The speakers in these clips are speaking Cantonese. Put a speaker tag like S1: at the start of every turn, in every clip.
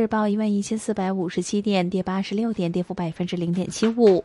S1: 日報一萬一千四百五十七點，跌八十六點，跌幅百分之零點七五。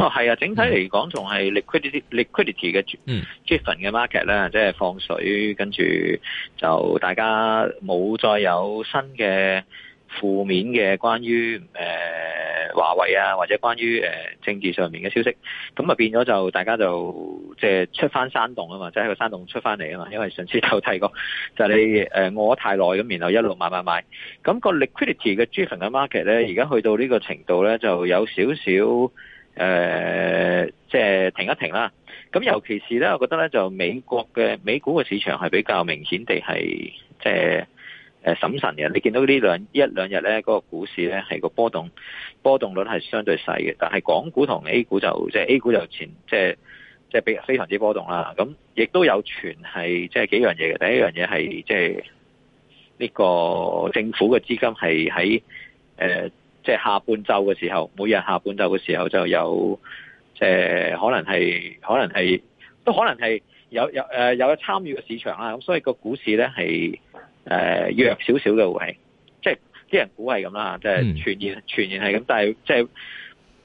S2: 哦，係啊，整體嚟講仲係 liquidity、liquidity 嘅 driven 嘅 market 咧、嗯，即係放水，跟住就大家冇再有新嘅負面嘅關於誒、呃、華為啊，或者關於誒、呃、政治上面嘅消息，咁啊變咗就大家就即係出翻山洞啊嘛，即、就、係、是、個山洞出翻嚟啊嘛，因為上次就睇過，就是、你誒餓、呃、太耐咁，然後一路買買買，咁、那個 liquidity 嘅 driven 嘅 market 咧，而家去到呢個程度咧，就有少少。誒，即係、呃就是、停一停啦。咁尤其是咧，我覺得咧，就美國嘅美股嘅市場係比較明顯地係即係誒審慎嘅。你見到呢兩一兩日咧，嗰、那個股市咧係個波動波動率係相對細嘅。但係港股同 A 股就即係、就是、A 股就前即係即係比非常之波動啦。咁亦都有傳係即係幾樣嘢嘅。第一樣嘢係即係呢個政府嘅資金係喺誒即係下半晝嘅時候，每日下半晝嘅時候就有，即係可能係，可能係，都可能係有有、呃、有參與嘅市場啦。咁所以個股市咧係誒弱少少嘅，會係、嗯、即係啲人估係咁啦，即係傳言傳言係咁，但係即係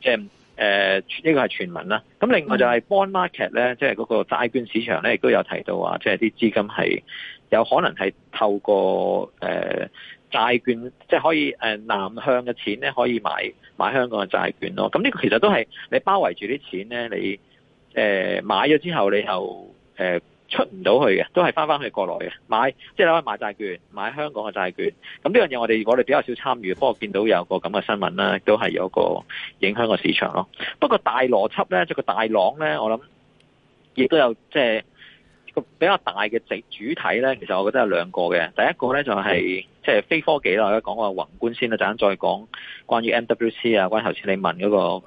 S2: 即係。誒呢個係傳聞啦，咁另外就係 bond market 咧，即係嗰個債券市場咧，亦都有提到話，即係啲資金係有可能係透過誒債券，即係可以誒南向嘅錢咧，可以買買香港嘅債券咯。咁呢個其實都係你包圍住啲錢咧，你誒買咗之後，你就。誒。出唔到去嘅，都係翻翻去國內嘅，買，即係攞去買債券，買香港嘅債券。咁呢樣嘢我哋我哋比較少參與，不過見到有個咁嘅新聞啦，都係有個影響個市場咯。不過大邏輯呢，即係個大浪呢，我諗亦都有即係個比較大嘅主主體呢。其實我覺得係兩個嘅，第一個呢就係即係非科技啦，我講個宏觀先啦，陣間再講關於 MWC 啊，關於頭先你問嗰個誒、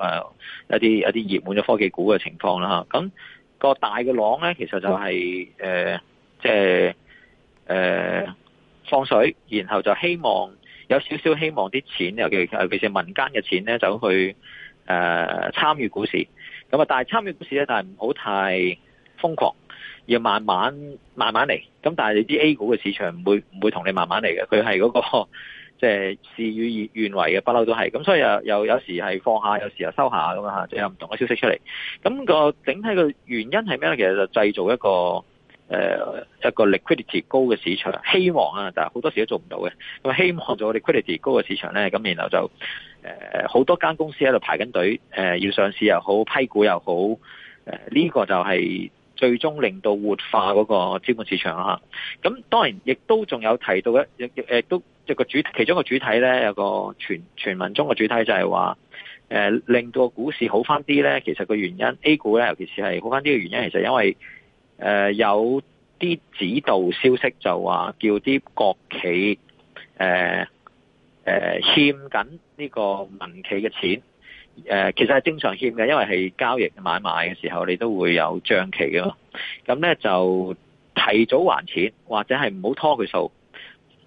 S2: 呃、一啲一啲熱門嘅科技股嘅情況啦咁。個大嘅浪咧，其實就係、是、誒，即係誒放水，然後就希望有少少希望啲錢，尤其尤其是民間嘅錢咧，走去誒參與股市。咁啊，但係參與股市咧，但係唔好太瘋狂，要慢慢慢慢嚟。咁但係你啲 A 股嘅市場唔會唔會同你慢慢嚟嘅，佢係嗰個。即係事與願違嘅，不嬲都係咁，所以又又有時係放下，有時又收下咁啊，就有唔同嘅消息出嚟。咁個整體嘅原因係咩咧？其實就製造一個誒一個 liquidity 高嘅市場，希望啊，但係好多時都做唔到嘅。咁希望做個 liquidity 高嘅市場咧，咁然後就誒好多間公司喺度排緊隊，誒要上市又好，批股又好，誒呢個就係、是。最終令到活化嗰個資本市場，咁當然亦都仲有提到一亦亦都一個主其中一個主體咧，有個傳傳聞中嘅主體就係話誒令到股市好返啲咧。其實個原因 A 股咧，尤其是係好返啲嘅原因，其實因為誒有啲指導消息就話叫啲國企誒欠緊呢個民企嘅錢。誒其實係正常欠嘅，因為係交易買賣嘅時候，你都會有帳期嘅嘛。咁咧就提早還錢，或者係唔好拖佢數。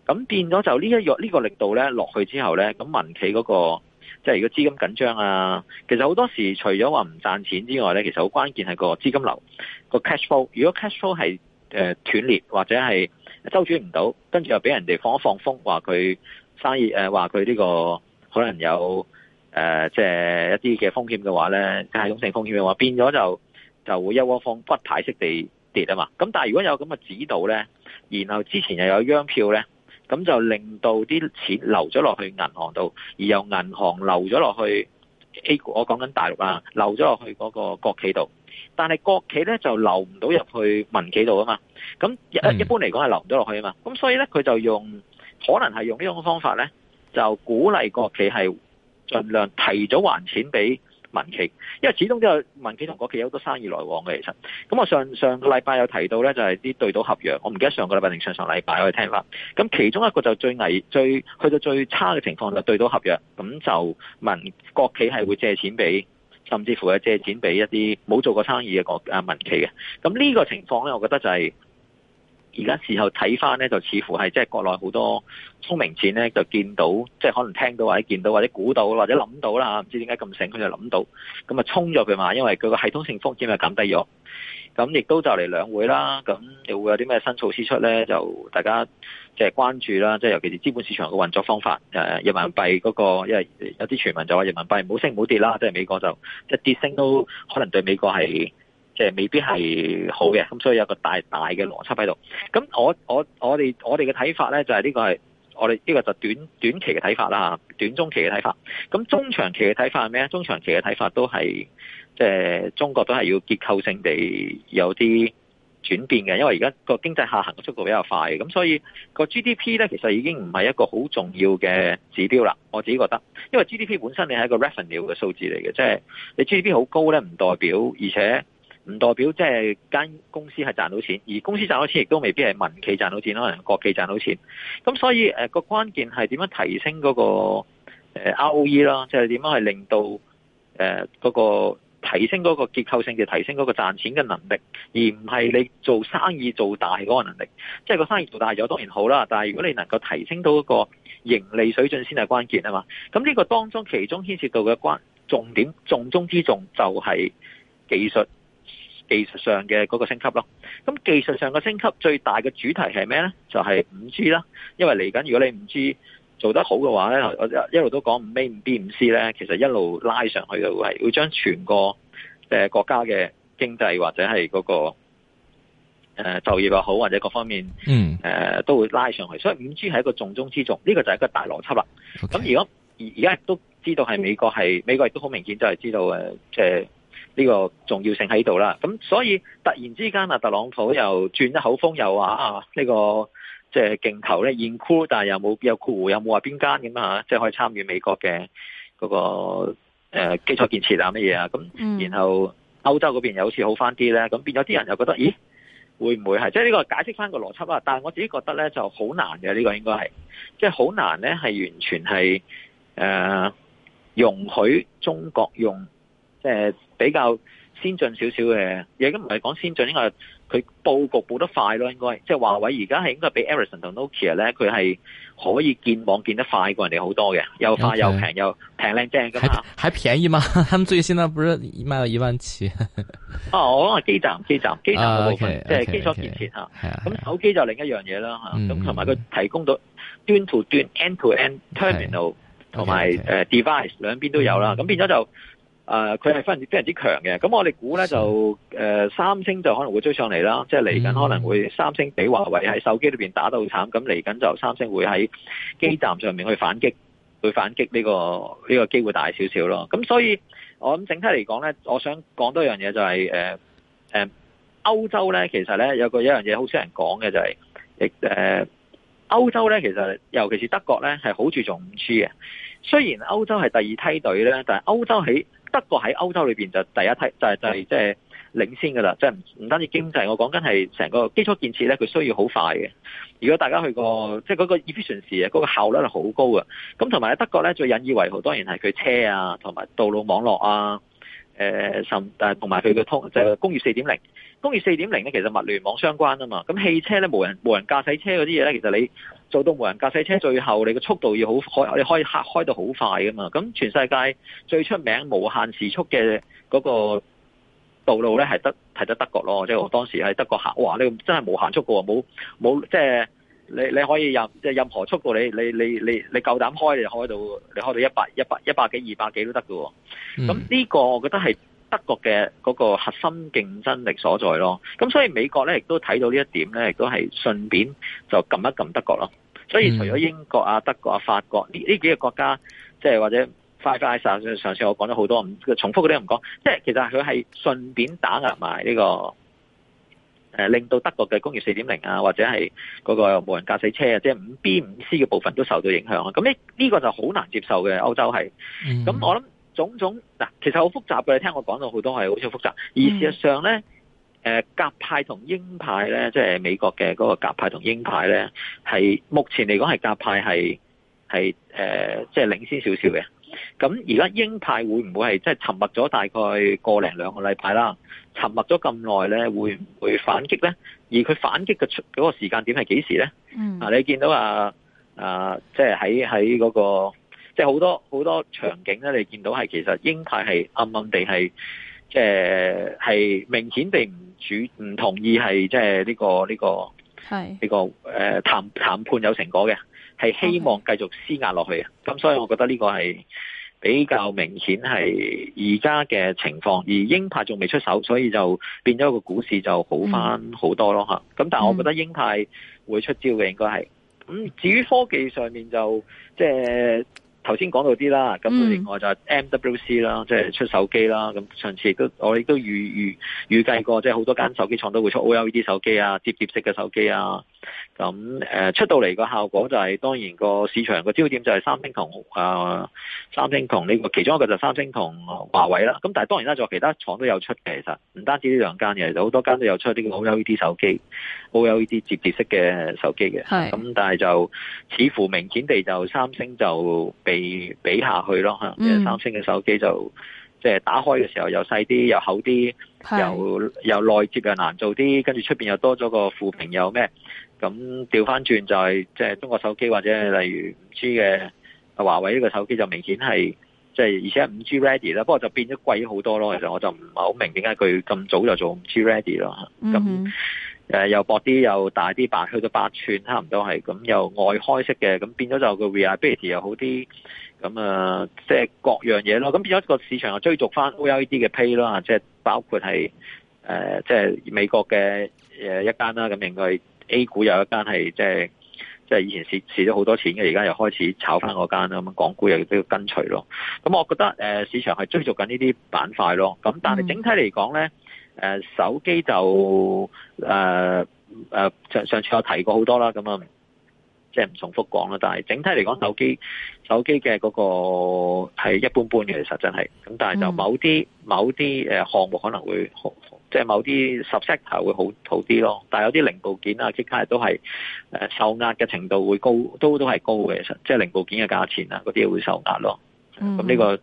S2: 咁變咗就呢一樣呢個力度咧落去之後咧，咁民企嗰個即係如果資金緊張啊，其實好多時除咗話唔賺錢之外咧，其實好關鍵係個資金流個 cash flow。如果 cash flow 係誒斷裂或者係周轉唔到，跟住又俾人哋放一放風，話佢生意誒話佢呢個可能有。誒，即係、呃就是、一啲嘅風險嘅話咧，系統性風險嘅話，變咗就就會一窩蜂不太式地跌啊嘛。咁但係如果有咁嘅指導咧，然後之前又有央票咧，咁就令到啲錢流咗落去銀行度，而由銀行流咗落去 A 股，我講緊大陸呀，流咗落去嗰個國企度。但係國企咧就流唔到入去民企度啊嘛。咁一一般嚟講係流唔到落去啊嘛。咁所以咧佢就用可能係用呢種方法咧，就鼓勵國企係。盡量提早還錢俾民企，因為始終都有民企同國企有好多生意來往嘅，其實。咁我上上個禮拜有提到咧，就係啲對賭合約。我唔記得上個禮拜定上上禮拜我哋聽啦。咁其中一個就最危、最去到最差嘅情況就對賭合約，咁就民國企係會借錢俾，甚至乎係借錢俾一啲冇做過生意嘅國啊民企嘅。咁呢個情況咧，我覺得就係、是。而家時候睇翻咧，就似乎係即係國內好多聰明錢咧，就見到即係可能聽到或者見到或者估到或者諗到啦嚇，唔知點解咁醒，佢就諗到，咁啊衝咗佢嘛，因為佢個系統性風險咪減低咗。咁亦都就嚟兩會啦，咁又會有啲咩新措施出咧？就大家即係關注啦，即係尤其是資本市場嘅運作方法。誒，人民幣嗰個，因為有啲傳聞就話人民幣唔好升，唔好跌啦，即係美國就一跌升都可能對美國係。誒未必係好嘅，咁所以有個大大嘅邏輯喺度。咁我我我哋我哋嘅睇法咧，就係呢個係我哋呢個就短短期嘅睇法啦，嚇短中期嘅睇法。咁中長期嘅睇法係咩啊？中長期嘅睇法都係即係中國都係要結構性地有啲轉變嘅，因為而家個經濟下行嘅速度比較快，咁所以個 GDP 咧其實已經唔係一個好重要嘅指標啦。我自己覺得，因為 GDP 本身你係一個 revenue 嘅數字嚟嘅，即係你 GDP 好高咧，唔代表而且。唔代表即係間公司係賺到錢，而公司賺到錢亦都未必係民企賺到錢，可能係國企賺到錢。咁所以誒個關鍵係點樣提升嗰個 ROE 啦，即係點樣去令到誒嗰個提升嗰個結構性嘅提升嗰個賺錢嘅能力，而唔係你做生意做大嗰個能力。即係個生意做大咗當然好啦，但係如果你能夠提升到嗰個盈利水準先係關鍵啊嘛。咁呢個當中其中牽涉到嘅關重點重中之重就係技術。技術上嘅嗰個升級咯，咁技術上嘅升級最大嘅主題係咩咧？就係、是、五 G 啦，因為嚟緊如果你五 G 做得好嘅話咧，我一路都講五 A、五 B、五 C 咧，其實一路拉上去就係會，會將全個誒國家嘅經濟或者係嗰、那個、呃、就業又好或者各方面誒、呃、都會拉上去，所以五 G 係一個重中之重，呢、這個就係一個大邏輯啦。咁如果而而家都知道係美國係美國亦都好明顯就係知道誒即係。呃呢個重要性喺度啦，咁所以突然之間啊，特朗普又轉一口風又，又話啊，呢、這個即係競投咧，現、就、箍、是，但又冇有箍，又冇話邊間咁啊，即、就、係、是、可以參與美國嘅嗰、那個、呃、基礎建設啊，乜嘢啊，咁、嗯、然後歐洲嗰邊又好似好翻啲咧，咁變咗啲人又覺得，咦，會唔會係即係呢個解釋翻個邏輯啊？但我自己覺得咧就好難嘅，呢、這個應該係即係好難咧，係完全係誒、呃、容許中國用即係。就是比較先進少少嘅，而家唔係講先進，應該係佢布局布得快咯。應該即係華為而家係應該比 Ericsson 同 Nokia 咧，佢係可以建網建得快過人哋好多嘅，又快又平又平靚正咁嘛。
S3: 還便宜嗎？他們最新呢不是賣到一萬七。
S2: 啊，我講係基站，基站，基站嗰部分，即係基礎建設吓。係啊。咁手機就另一樣嘢啦吓。咁同埋佢提供到端到端，end to end terminal 同埋誒 device 兩邊都有啦。咁變咗就。誒佢係非常非常之強嘅，咁我哋估呢，就誒、呃、三星就可能會追上嚟啦，即係嚟緊可能會三星畀華為喺手機裏邊打到慘，咁嚟緊就三星會喺基站上面去反擊，去反擊呢個呢個機會大少少咯。咁所以我諗整體嚟講呢，我想講多一樣嘢就係、是、誒、呃、歐洲呢。其實呢，有個一樣嘢好少人講嘅就係、是，亦、呃、歐洲呢。其實尤其是德國呢，係好注重五 G 嘅，雖然歐洲係第二梯隊呢，但係歐洲喺德國喺歐洲裏面就第一梯就係、是、就係即係領先㗎啦，即係唔唔單止經濟，我講緊係成個基礎建設咧，佢需要好快嘅。如果大家去過，即係嗰個 efficiency，嗰個效率係好高嘅。咁同埋喺德國咧，最引以為豪當然係佢車啊，同埋道路網絡啊。誒甚，但同埋佢嘅通就係工業四點零，工業四點零咧，其實物聯網相關啊嘛。咁汽車咧，無人無人駕駛車嗰啲嘢咧，其實你做到無人駕駛車，最後你個速度要好，可你可以開到好快噶嘛。咁全世界最出名無限時速嘅嗰個道路咧，係得係得德國咯。即係我當時喺德國行，哇！你真係無限速噶喎，冇冇即係。你你可以任即係任何速度你，你你你你你夠膽開，你開到你開到一百一百一百幾二百幾都得㗎喎。咁呢、嗯、個我覺得係德國嘅嗰個核心競爭力所在咯。咁所以美國咧亦都睇到呢一點咧，亦都係順便就撳一撳德國咯。
S1: 所以除咗
S2: 英國啊、德國啊、法國呢呢幾個國家，即係或者快快殺，Fi, 上次我講咗好多，唔重複嗰啲唔講。即係其實佢係順便打壓埋、這、呢個。誒令到德國嘅工業四點零啊，或者係嗰個無人駕駛車啊，即係五 B 五 C 嘅部分都受到影響啊！咁呢呢個就好難接受嘅，歐洲係。咁我諗種種嗱，其實好複雜嘅，你聽我講到好多係好似複雜。而事實上咧，誒鴿派同鷹派咧，即係美國嘅嗰個鴿派同鷹派咧，係目前嚟講係鴿派係係誒即係領先少少嘅。咁而家鷹派會唔會係即係沉默咗大概個零兩個禮拜啦？沉默咗咁耐咧，會唔會反擊咧？而佢反擊嘅嗰個時間點係幾時咧？嗯，你見到啊，即係喺喺嗰個，即係好多好多場景咧，你見到係其實鷹派係暗暗地係，即係係明顯地唔主唔同意係即係呢個呢、呢個呢是、呢個誒、呃、談談判有成果嘅，係希望繼續施壓落去啊！咁 okay. 所以，我覺得呢個係。比較明顯係而家嘅情況，而鷹派仲未出手，所以就變咗個股市就好翻好多咯嚇。咁、嗯、但係我覺得鷹派會出招嘅應該係咁、嗯。至於科技上面就即係頭先講到啲啦，咁另外就係 MWC 啦，即係、嗯、出手機啦。咁上次亦都我亦都預預預計過，即係好多間手機廠都會出 OLED 手機啊，摺疊式嘅手機啊。咁誒，出到嚟個效果就係、是，當然個市場個焦點就係三星同誒三星同呢、這個其中一個就三星同華為啦。咁但係當然啦，仲有其他廠都有出嘅，其實唔單止呢兩間嘅，其實好多間都有出呢個 O L E D 手機、O L E D 摺疊式嘅手機嘅。係咁是，但係就似乎明顯地就三星就被比，比下去咯吓，三星嘅手機就即係、嗯、打開嘅時候又細啲，又厚啲是，又又內接又難做啲，跟住出邊又多咗個副屏又咩？咁調翻轉就係即係中國手機或者例如五 G 嘅華為呢個手機就明顯係即係，而且五 G ready 啦。不過就變咗貴好多咯。其實我就唔係好明點解佢咁早就做五 G ready 咯。咁又薄啲又大啲，擘去到八寸，差唔多係咁又外開式嘅。咁變咗就個 readability 又好啲。咁啊，即係各樣嘢咯。咁變咗個市場又追逐翻 OLED 嘅 pay 啦，即係包括係即係美國嘅一間啦。咁應該。A 股有一間係即係即係以前蝕蝕咗好多錢嘅，而家又開始炒翻嗰間啦，咁港股又都要跟隨咯。咁我覺得誒，市場係追逐緊呢啲板塊咯。咁但係整體嚟講咧，誒、嗯、手機就誒誒上上次我提過好多啦，咁樣。即係唔重複講啦，但係整體嚟講手機手機嘅嗰個係一般般嘅，其實真係咁。但係就某啲、mm hmm. 某啲誒項目可能會好，即、就、係、是、某啲 subsector 會好好啲咯。但係有啲零部件啊，即係都係呃、受壓嘅程度會高，都都係高嘅，其實即係零部件嘅價錢啊，嗰啲會受壓咯。咁呢、
S3: 呢個
S1: mm hmm.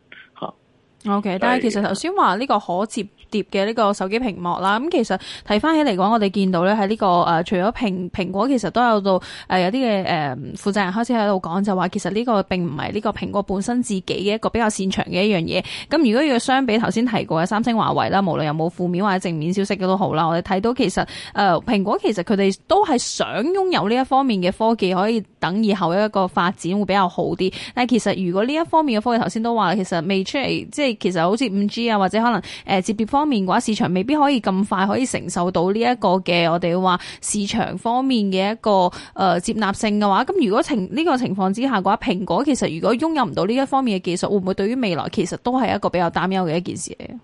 S1: O.K.，但係其實頭先話呢個可摺疊嘅呢個手機屏幕啦，咁其實睇翻起嚟講，這個，我哋見到咧喺呢個誒，除咗蘋蘋果，其實都有到誒、呃、有啲嘅誒負責人開始喺度講，就話其實呢個並唔係呢個蘋果本身自己嘅一個比較擅長嘅一樣嘢。咁如果要相比頭先提過嘅三星、華為啦，無論有冇負面或者正面消息嘅都好啦，我哋睇到其實誒、呃、蘋果其實佢哋都係想擁有呢一方面嘅科技，可以等以後一個發展會比較好啲。但係其實如果呢一方面嘅科技頭先都話，其實未出嚟即係其實好似 5G 啊，或者可能誒、呃，接駁方面嘅話，市場未必可以咁快可以承受到呢一個嘅我哋話市場方面嘅一個誒、呃、接納性嘅話，咁如果情呢、這個情況之下嘅話，蘋果其實如果擁有唔到呢一方面嘅技術，會唔會對於未來其實都係一個比較擔憂嘅一件事嚟？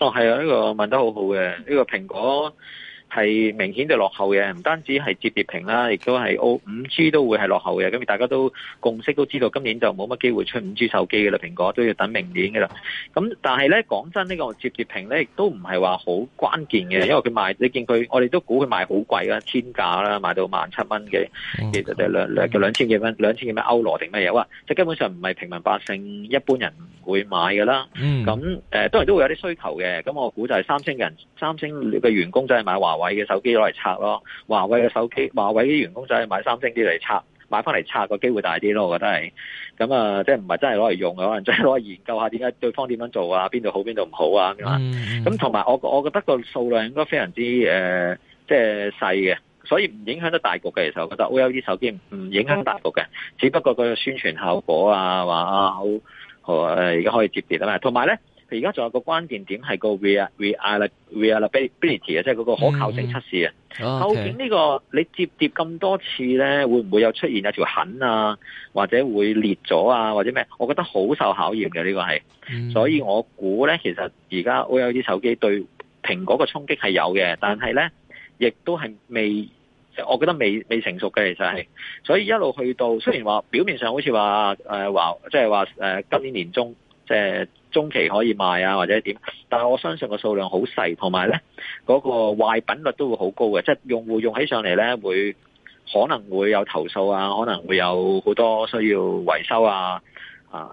S1: 哦，
S2: 係啊，呢、這個問得好好嘅，呢、這個蘋果。係明顯就落後嘅，唔單止係折疊屏啦，亦都係澳五 G 都會係落後嘅。咁大家都共識都知道，今年就冇乜機會出五 G 手機嘅啦，蘋果都要等明年嘅啦。咁但係咧講真，呢、呢個折疊屏咧亦都唔係話好關鍵嘅，因為佢賣，你見佢，我哋都估佢賣好貴啦，天價啦，賣到萬七蚊嘅，嗯、其實兩千幾蚊，兩千幾蚊歐羅定乜嘢哇！即係基本上唔係平民百姓一般人會買嘅啦。咁誒、嗯呃、當然都會有啲需求嘅。咁我估就係三星嘅人，三星嘅員工就係買華為。華為嘅手機攞嚟拆咯，華為嘅手機，華為啲員工仔係買三星啲嚟拆，買翻嚟拆個機會大啲咯，我覺得係咁啊，即係唔係真係攞嚟用嘅，可能即係攞嚟研究下點解對方點樣做啊，邊度好邊度唔好啊咁啊，咁同埋我我覺得個數量應該非常之誒，即係細嘅，所以唔影響得大局嘅，其實我覺得 OLED 手機唔影響大局嘅，只不過個宣傳效果啊，話啊好誒而家可以摺疊啊嘛，同埋咧。而家仲有個關鍵點係個 re reliability 啊，即係嗰個可靠性測試啊。
S3: 究竟呢
S2: 個你摺疊咁多次咧，會唔會有出現有條痕啊，或者會裂咗啊，或者咩？我覺得好受考驗嘅呢、呢個係。Mm hmm. 所以我估咧，其實而家會有啲手機對蘋果嘅衝擊係有嘅，但係咧，亦都係未，我覺得未未成熟嘅，其實係。所以一路去到，雖然話表面上好似話誒話，即係話誒今年年中即係。即係中期可以賣啊，或者點？但係我相信個數量好細，同埋呢嗰個壞品率都會好高嘅，即係用戶用起上嚟呢，會可能會有投訴啊，可能會有好多需要維修啊，啊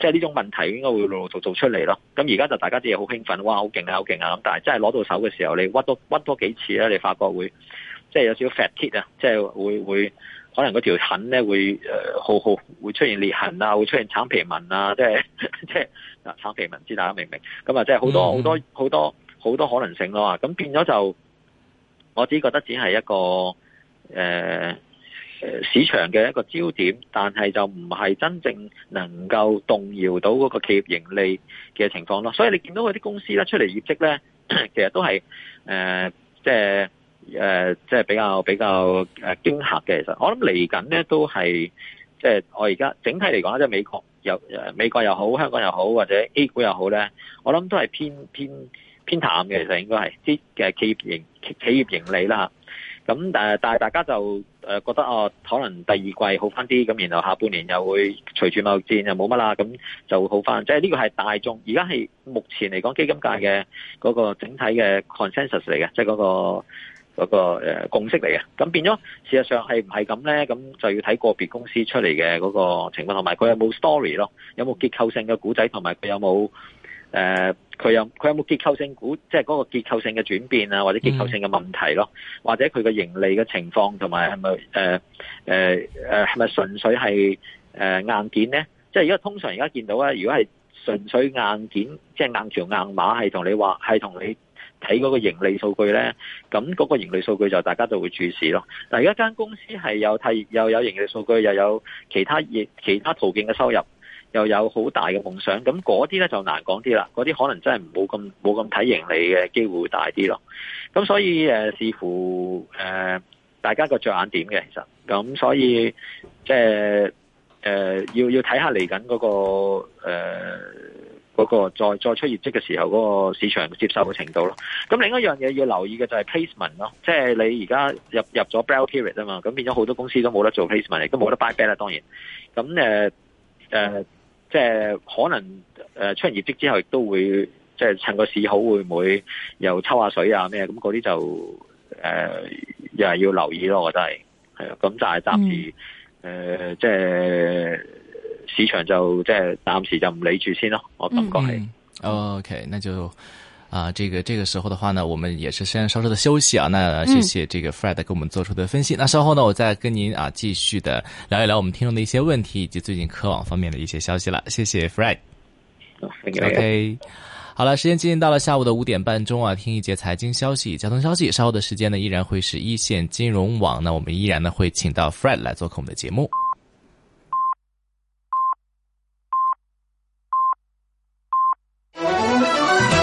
S2: 即係呢種問題應該會陸陸續續出嚟咯。咁而家就大家啲嘢好興奮，哇，好勁啊，好勁啊！咁但係真係攞到手嘅時候，你屈多屈多幾次呢，你發覺會即係有少少 fatigue 啊，即係會會。可能嗰條痕咧會誒好好會出現裂痕啊，會出現橙皮紋啊，即係即係嗱橙皮紋，知大家明唔明？咁啊，即係好多好多好多好多可能性咯。咁變咗就，我只覺得只係一個誒、呃、市場嘅一個焦點，但係就唔係真正能夠動搖到嗰個企業盈利嘅情況咯。所以你見到嗰啲公司咧出嚟業績咧，其實都係誒即係。呃即係誒、呃，即係比較比較誒驚嚇嘅。其實我諗嚟緊呢都係即係我而家整體嚟講，即係美國有誒美國又好，香港又好，或者 A 股又好咧，我諗都係偏偏偏淡嘅。其實應該係啲嘅企業營企業盈利啦。咁但係大家就覺得哦、呃，可能第二季好翻啲，咁然後下半年又會隨住貿易戰又冇乜啦，咁就會好翻。即係呢個係大眾而家係目前嚟講基金界嘅嗰、嗰個整體嘅 consensus 嚟嘅，即係、那、嗰個。嗰個誒共識嚟嘅，咁變咗事實上係唔係咁咧？咁就要睇個別公司出嚟嘅嗰個情況，同埋佢有冇 story 咯，有冇結構性嘅故仔，同埋佢有冇誒，佢、呃、有佢有冇結構性股，即係嗰個結構性嘅轉變啊，或者結構性嘅問題咯，嗯、或者佢嘅盈利嘅情況，同埋係咪係咪純粹係、呃、硬件咧？即係如果通常而家見到啊，如果係純粹硬件，即、就、係、是、硬橋硬馬，係同你話係同你。睇嗰個盈利數據呢，咁嗰個盈利數據就大家就會注視咯。但係一間公司係有替又有盈利數據，又有其他亦其他途徑嘅收入，又有好大嘅夢想，咁嗰啲呢，就難講啲啦。嗰啲可能真係冇咁冇咁睇盈利嘅機會會大啲咯。咁所以誒、啊，視乎誒、呃、大家個着眼點嘅，其實咁所以即係、呃呃、要要睇下嚟緊嗰個、呃嗰個再再出業績嘅時候，嗰個市場接受嘅程度咯。咁另一樣嘢要留意嘅就係 placement 咯，即係你而家入入咗 bell period 啊嘛，咁變咗好多公司都冇得做 placement 嚟，亦都冇得 buy back 啦。當然，咁誒誒，即係可能誒、呃、出完業績之後，亦都會即係趁個市好，會唔會又抽下水啊咩？咩咁嗰啲就誒、呃、又係要留意咯。我覺得係係啊，咁就係暫時誒即係。市場就即係暫時就唔理住先咯，我
S3: 感覺係。嗯嗯、o、okay, K，那就啊、呃，這個這個時候的話呢，我們也是先稍稍的休息啊。那謝謝這個 Fred 給我們做出的分析。嗯、那稍後呢，我再跟您啊繼續的聊一聊我們聽眾的一些問題以及最近科網方面的一些消息了。謝謝 Fred。啊、o、okay, K，好了，時間接近到了下午的五點半鐘啊，聽一節財經消息、交通消息。稍後的時間呢，依然會是一線金融網，那我們依然呢會請到 Fred 來做客我們的節目。